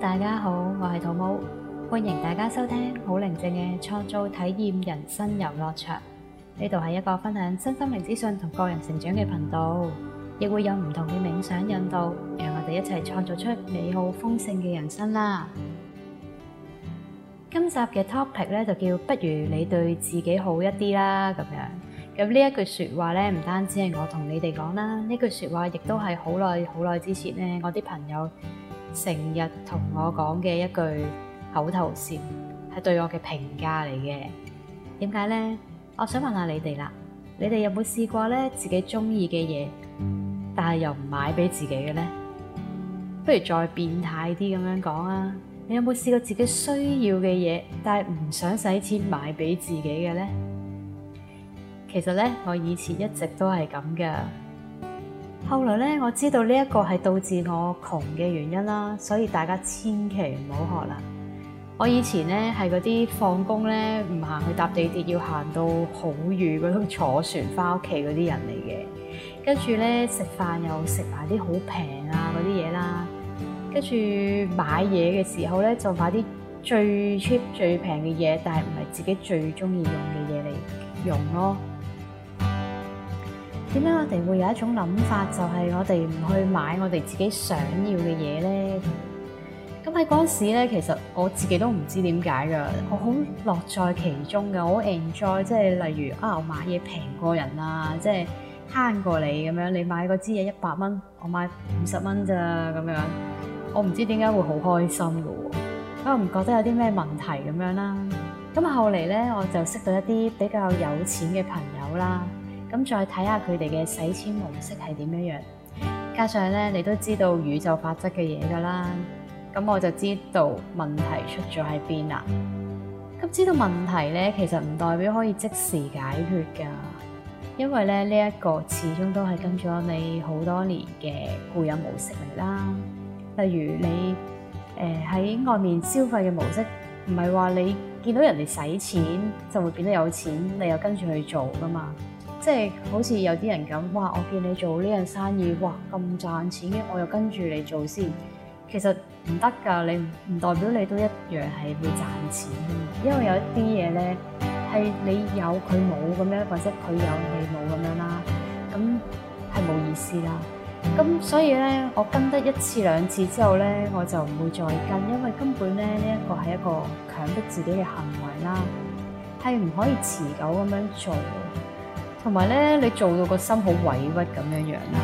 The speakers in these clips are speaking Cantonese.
大家好，我係 Tomo，歡迎大家收聽好寧靜嘅創造體驗人生遊樂場。呢度係一個分享身心靈資訊同個人成長嘅頻道，亦會有唔同嘅冥想引導，讓我哋一齊創造出美好豐盛嘅人生啦。今集嘅 topic 咧，就叫不如你對自己好一啲啦，咁樣咁呢一句說話咧，唔單止係我同你哋講啦，呢句說話亦都係好耐好耐之前呢，我啲朋友。成日同我講嘅一句口頭禪係對我嘅評價嚟嘅，點解咧？我想問下你哋啦，你哋有冇試過咧自己中意嘅嘢，但係又唔買俾自己嘅咧？不如再變態啲咁樣講啊！你有冇試過自己需要嘅嘢，但係唔想使錢買俾自己嘅咧？其實咧，我以前一直都係咁噶。後來咧，我知道呢一個係導致我窮嘅原因啦，所以大家千祈唔好學啦。我以前咧係嗰啲放工咧唔行去搭地鐵，要行到好遠嗰度坐船翻屋企嗰啲人嚟嘅。跟住咧食飯又食埋啲好平啊嗰啲嘢啦，跟住買嘢嘅時候咧就買啲最 cheap 最平嘅嘢，但係唔係自己最中意用嘅嘢嚟用咯。點解我哋會有一種諗法，就係我哋唔去買我哋自己想要嘅嘢咧？咁喺嗰陣時咧，其實我自己都唔知點解㗎。我好樂在其中㗎，我好 enjoy，即係例如啊，我買嘢平過人啦，即係慳過你咁樣。你買嗰支嘢一百蚊，我買五十蚊咋咁樣。我唔知點解會好開心㗎喎，我唔覺得有啲咩問題咁樣啦。咁後嚟咧，我就識到一啲比較有錢嘅朋友啦。咁再睇下佢哋嘅使錢模式係點樣樣，加上咧你都知道宇宙法則嘅嘢㗎啦，咁我就知道問題出咗喺邊啦。咁知道問題咧，其實唔代表可以即時解決㗎，因為咧呢一個始終都係跟咗你好多年嘅固有模式嚟啦。例如你誒喺、呃、外面消費嘅模式，唔係話你見到人哋使錢就會變得有錢，你又跟住去做㗎嘛。即係好似有啲人咁，哇！我見你做呢樣生意，哇咁賺錢嘅，我又跟住你做先。其實唔得㗎，你唔代表你都一樣係會賺錢。因為有一啲嘢咧係你有佢冇咁樣，或者佢有你冇咁樣啦，咁係冇意思啦。咁所以咧，我跟得一次兩次之後咧，我就唔會再跟，因為根本咧呢一個係一個強迫自己嘅行為啦，係唔可以持久咁樣做。同埋咧，你做到個心好委屈咁樣樣啦。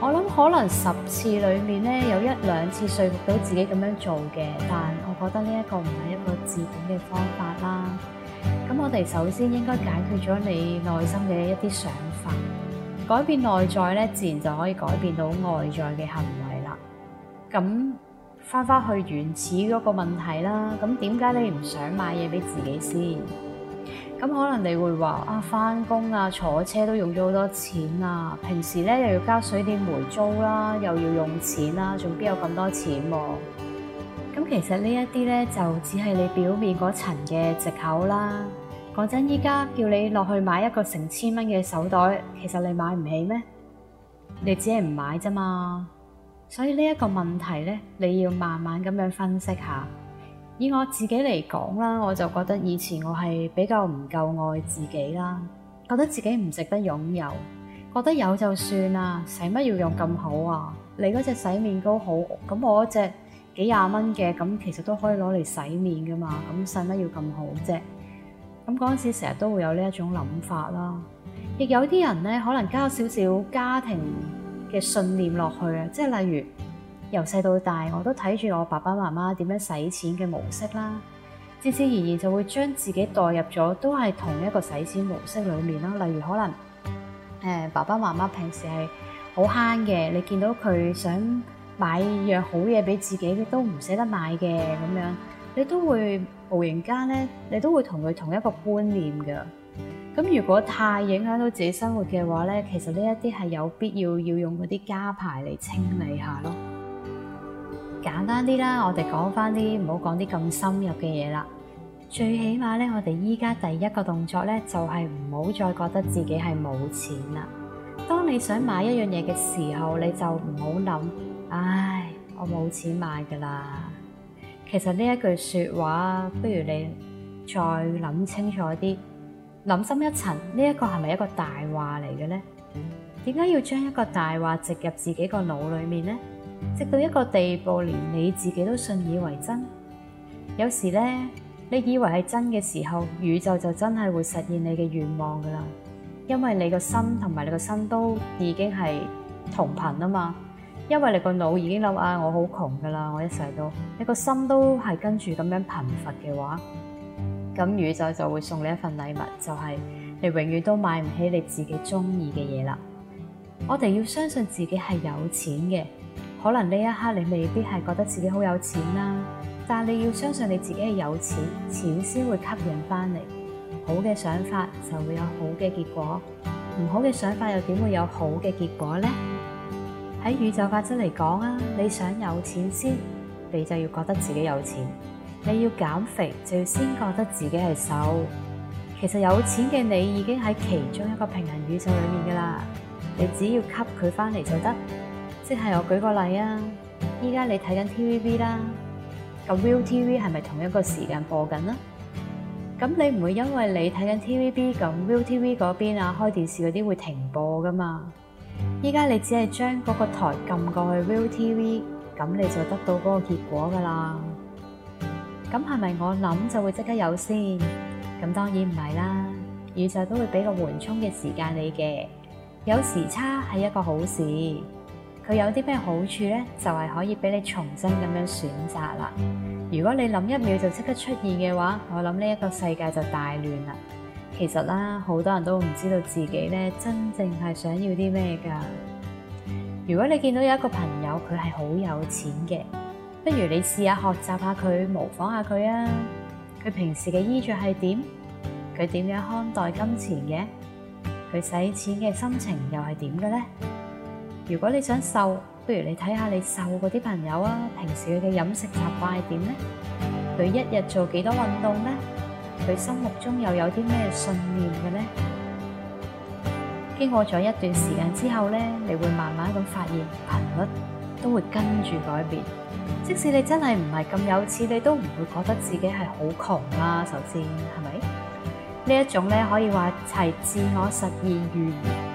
我諗可能十次裡面咧有一兩次説服到自己咁樣做嘅，但係我覺得呢一個唔係一個治本嘅方法啦。咁我哋首先應該解決咗你內心嘅一啲想法，改變內在咧，自然就可以改變到外在嘅行為啦。咁翻返去原始嗰個問題啦，咁點解你唔想買嘢俾自己先？咁可能你會話啊，翻工啊，坐車都用咗好多錢啊，平時咧又要交水電煤租啦、啊，又要用錢啦、啊，仲邊有咁多錢喎、啊？咁、嗯、其實呢一啲咧就只係你表面嗰層嘅藉口啦。講真，依家叫你落去買一個成千蚊嘅手袋，其實你買唔起咩？你只係唔買啫嘛。所以呢一個問題咧，你要慢慢咁樣分析下。以我自己嚟講啦，我就覺得以前我係比較唔夠愛自己啦，覺得自己唔值得擁有，覺得有就算啦，使乜要用咁好啊？你嗰隻洗面膏好，咁我一隻幾廿蚊嘅，咁其實都可以攞嚟洗面㗎嘛，咁使乜要咁好啫？咁嗰陣時成日都會有，有呢一種諗法啦，亦有啲人咧可能加少少家庭嘅信念落去啊，即係例如。由細到大，我都睇住我爸爸媽媽點樣使錢嘅模式啦，自自然然就會將自己代入咗，都係同一個使錢模式裡面啦。例如可能誒、呃，爸爸媽媽平時係好慳嘅，你見到佢想買樣好嘢俾自己，你都唔捨得買嘅咁樣，你都會無形間呢，你都會同佢同一個觀念㗎。咁如果太影響到自己生活嘅話呢，其實呢一啲係有必要要用嗰啲家牌嚟清理下咯。簡單啲啦，我哋講翻啲，唔好講啲咁深入嘅嘢啦。最起碼咧，我哋依家第一個動作咧，就係唔好再覺得自己係冇錢啦。當你想買一樣嘢嘅時候，你就唔好諗，唉，我冇錢買噶啦。其實呢一句說話，不如你再諗清楚啲，諗深一層，呢一個係咪一個大話嚟嘅咧？點解要將一個大話植入自己個腦裡面咧？直到一個地步，連你自己都信以為真。有時咧，你以為係真嘅時候，宇宙就真係會實現你嘅願望噶啦。因為你個心同埋你個心都已經係同頻啊嘛。因為你個腦已經諗啊，我好窮噶啦，我一世都你個心都係跟住咁樣貧乏嘅話，咁宇宙就會送你一份禮物，就係你永遠都買唔起你自己中意嘅嘢啦。我哋要相信自己係有錢嘅。可能呢一刻你未必係覺得自己好有錢啦，但係你要相信你自己係有錢，錢先會吸引翻嚟。好嘅想法就會有好嘅結果，唔好嘅想法又點會有好嘅結果咧？喺宇宙法則嚟講啊，你想有錢先，你就要覺得自己有錢。你要減肥就要先覺得自己係瘦。其實有錢嘅你已經喺其中一個平行宇宙裏面噶啦，你只要吸佢翻嚟就得。即係我舉個例啊！依家你睇緊 TVB 啦，咁 Will TV 係咪、e、同一個時間播緊呢？咁你唔會因為你睇緊 TVB 咁 Will TV 嗰、e、邊啊開電視嗰啲會停播噶嘛？依家你只係將嗰個台撳過去 Will、e、TV，咁你就得到嗰個結果噶啦。咁係咪我諗就會即刻有先？咁當然唔係啦，宇宙都會俾個緩衝嘅時間你嘅。有時差係一個好事。佢有啲咩好處咧？就係可以俾你重新咁樣選擇啦。如果你諗一秒就即刻出現嘅話，我諗呢一個世界就大亂啦。其實啦，好多人都唔知道自己咧真正係想要啲咩噶。如果你見到有一個朋友佢係好有錢嘅，不如你試下學習下佢，模仿下佢啊。佢平時嘅衣着係點？佢點樣看待金錢嘅？佢使錢嘅心情又係點嘅咧？如果你想瘦，不如你睇下你瘦嗰啲朋友啊，平時佢嘅飲食習慣係點咧？佢一日做幾多運動咧？佢心目中又有啲咩信念嘅咧？經過咗一段時間之後咧，你會慢慢咁發現，頻率都會跟住改變。即使你真係唔係咁有錢，你都唔會覺得自己係好窮啦。首先係咪？呢一種咧可以話係自我實現預言。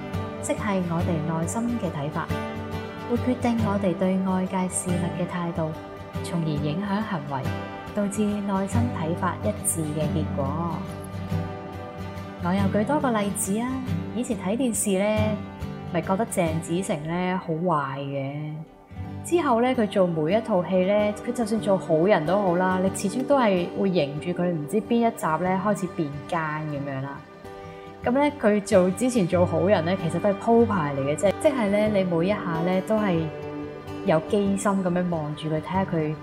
即係我哋內心嘅睇法，會決定我哋對外界事物嘅態度，從而影響行為，導致內心睇法一致嘅結果。 我又舉多個例子啊，以前睇電視咧，咪覺得鄭子誠咧好壞嘅，之後咧佢做每一套戲咧，佢就算做好人都好啦，你始終都係會迎住佢，唔知邊一集咧開始變奸咁樣啦。咁咧，佢做之前做好人咧，其實都係鋪排嚟嘅啫，即係咧，你每一下咧都係有機心咁樣望住佢，睇下佢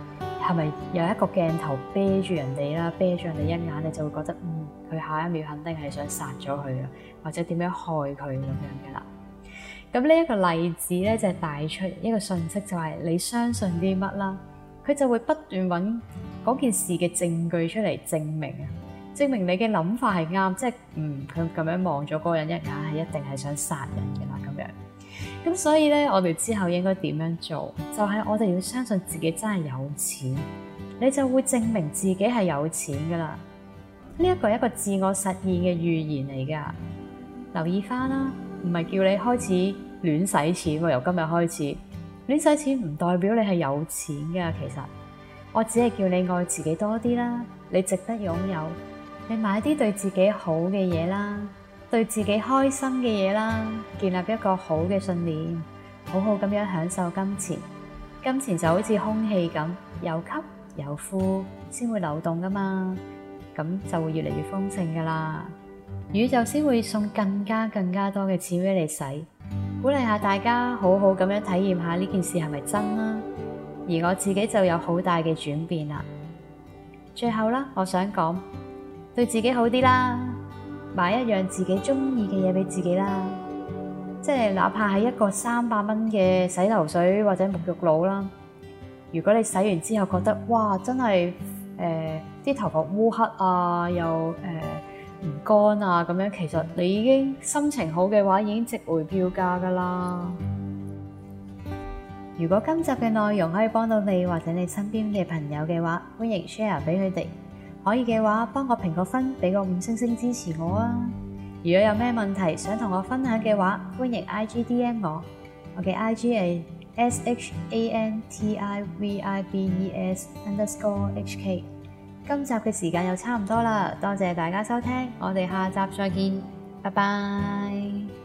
係咪有一個鏡頭，啤住人哋啦，啤住人哋一眼，你就會覺得嗯，佢下一秒肯定係想殺咗佢啊，或者點樣害佢咁樣噶啦。咁呢一個例子咧，就係、是、帶出一個信息，就係你相信啲乜啦，佢就會不斷揾嗰件事嘅證據出嚟證明啊。證明你嘅諗法係啱，即係嗯，佢咁樣望咗嗰個人一眼係一定係想殺人嘅啦咁樣，咁所以咧我哋之後應該點樣做？就係我哋要相信自己真係有錢，你就會證明自己係有錢噶啦。呢一個係一個自我實現嘅預言嚟噶，留意翻啦，唔係叫你開始亂使錢喎。由今日開始亂使錢唔代表你係有錢嘅，其實我只係叫你愛自己多啲啦，你值得擁有。你買啲對自己好嘅嘢啦，對自己開心嘅嘢啦，建立一個好嘅信念，好好咁樣享受金錢。金錢就好似空氣咁，有吸有呼，先會流動噶嘛，咁就會越嚟越豐盛噶啦。宇宙先會送更加更加多嘅錢俾你使，鼓勵下大家好好咁樣體驗下呢件事係咪真啦。而我自己就有好大嘅轉變啦。最後啦，我想講。對自己好啲啦，買一樣自己中意嘅嘢俾自己啦，即係哪怕係一個三百蚊嘅洗頭水或者沐浴露啦。如果你洗完之後覺得，哇，真係誒啲頭髮烏黑啊，又誒唔乾啊咁樣，其實你已經心情好嘅話，已經值回票價㗎喇。如果今集嘅內容可以幫到你或者你身邊嘅朋友嘅話，歡迎 share 俾佢哋。可以嘅話，幫我評個分，俾個五星星支持我啊！如果有咩問題想同我分享嘅話，歡迎 I G D M 我 IG，我嘅 I G 係 S H A N T I V I B E S underscore H K。今集嘅時間又差唔多啦，多謝大家收聽，我哋下集再見，拜拜。